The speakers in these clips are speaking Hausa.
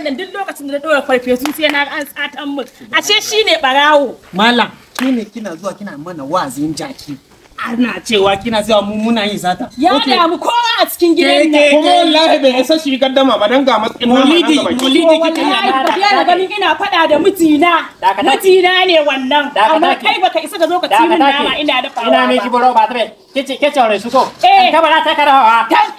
gidan duk lokacin da na dora sun sai na an tsatan mu ashe shine barawo malam kine kina zuwa kina mana wazin jaki ana cewa kina zuwa mu muna yin sata ya damu kowa a cikin gidan nan kuma wallahi bai yasa shi gaddama ba dan ga matsayin molidi molidi kike ya ba ya ganin ina fada da mutina mutina ne wannan amma kai baka isa ka zo ka ci min nama ina da fara ina ki baro ba tabe kici kici aure su ko kan eh. ka bara ta karawa kan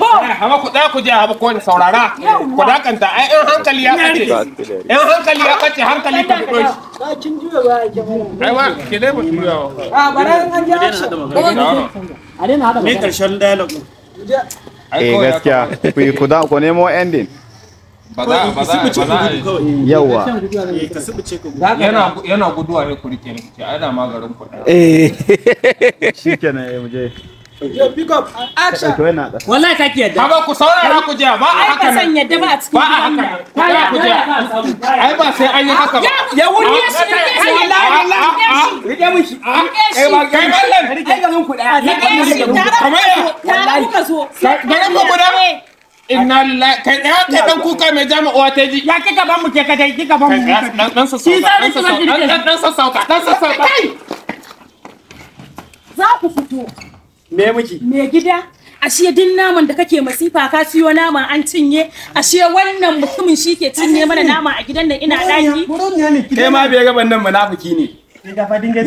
hama ku tsaya ku je hama ko da saurara ku dakanta ai in hankali ya kace in hankali ya kace hankali ka fito shi juya ba ya ke dai a bara an a dai na karshen dialogue eh gaskiya ku ku da ku nemo ending ba za ba za ba yawa eh, yana yana guduwa ne ku rike ni ana magarin kuɗi eh shikenan eh mu je yo pick up and wallahi kake yadda haba ku saurara ku je ba a haka ba san yadda ba a cikin ba a haka ba ku je ai ba sai an yi haka ba ya wuri ya shi rike shi wallahi wallahi rike mun ah, shi kai ba kai mallan ai ga mun ku da kamar ya wallahi ka so ku ku inna lillahi kai da kai dan kuka mai ta ji ya kika ban mu ke ka dai kika ban mu dan sassauka dan sassauka dan za ku fito Me miki? Me gida. Ashe din naman da kake masifa ka siyo nama an cinye. Ashe wannan mutumin shi ke cinye mana nama a gidan nan ina daki. Kai ma bai ga nan munafiki ne.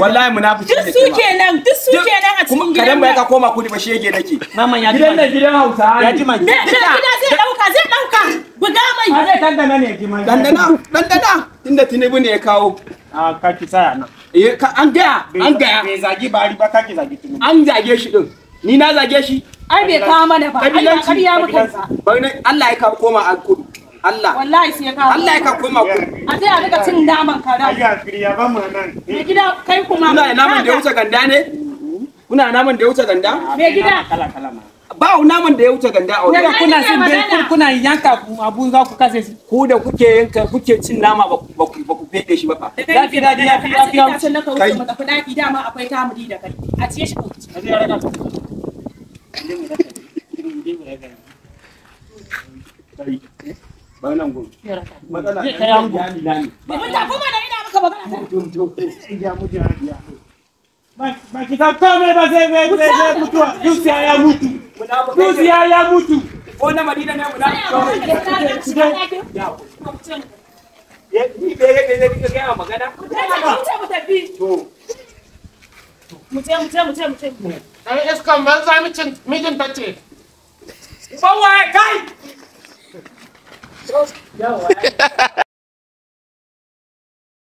wallahi munafiki duk su kenan duk su kenan a cikin gidan kadan bai ka koma kudi ba yake nake maman ya ji gidan nan gidan Hausa ya ji mai gida zai dauka zai dauka buga mai ba zai dandana ne ya ji mai dandana dandana tunda Tinubu ne ya kawo ah, a kaki tsaya nan an gaya an gaya bai zagi bari ba kake an zage shi din ni na zage shi ai bai kawo mana ba Allah kariya mu kansa bari Allah ya ka koma a kudu Allah wallahi sai Allah ya ka koma kudu a sai a daga cin naman kara ba mu nan me gida kai kuma kuna naman da ya wuce ganda ne kuna naman da ya wuce ganda me gida kala kala ma ba naman da ya wuce ganda a wajen kuna sun bai kuna yanka abun za ku kasa ku da kuke yanka kuke cin nama ba ku ba ku fede shi ba fa ya fi dadi ya fi ya fi ya fi wuce maka dama akwai tamuri da kai a ciye shi ba ba ki ta kome ba sai mutuwa ya mutu Duziya ya mutu. Ko na Madina ne mu na. Ni